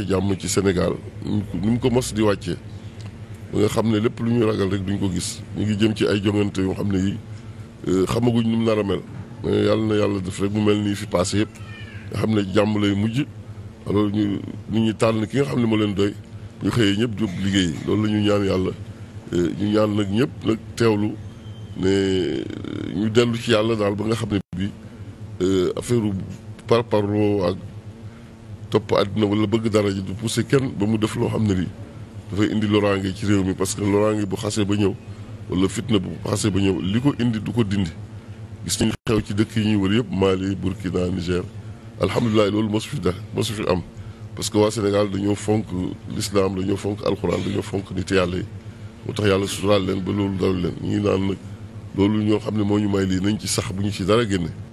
ci jàmm ci Sénégal ni mu ko mos di wàccee ba nga xam ne lépp lu ñu ragal rek duñ ko gis mu ngi jëm ci ay jongante yoo xam ne yi euh, xamaguñ nu mu nar mel mais yàlla na yàlla def rek mu mel nii fi passé yëpp nga xam ne jàmm lay mujj alors ñu nit tànn ki nga xam ne ma leen doy ñu xëyee ñëpp jóg liggéey loolu la ñu ñaan yàlla euh, ñu ñaan nag ñëpp nag teewlu ne euh, ñu dellu ci yàlla daal ba nga xam ne bi affaire par parlo ak topp àddina wala bëgg dara ji du pousser kenn ba mu def loo xam ne lii dafay indi loraange ci réew mi parce que loraange bu xasee ba ñëw wala fitna bu xasee ba ñëw li ko indi du ko dindi gis nañu xew ci dëkk yi ñuy wër yëpp Mali Burkina Niger alhamdulilah loolu mosu fi da su fi am parce que waa Sénégal dañoo fonk l'islam dañoo fonk alxuraan dañoo fonk nit yàlla yi moo tax yàlla suturaal leen ba loolu dal leen ñii naan nag loolu ñoo xam ne moo ñu may lii nañ ci sax bu ñu ci dara génne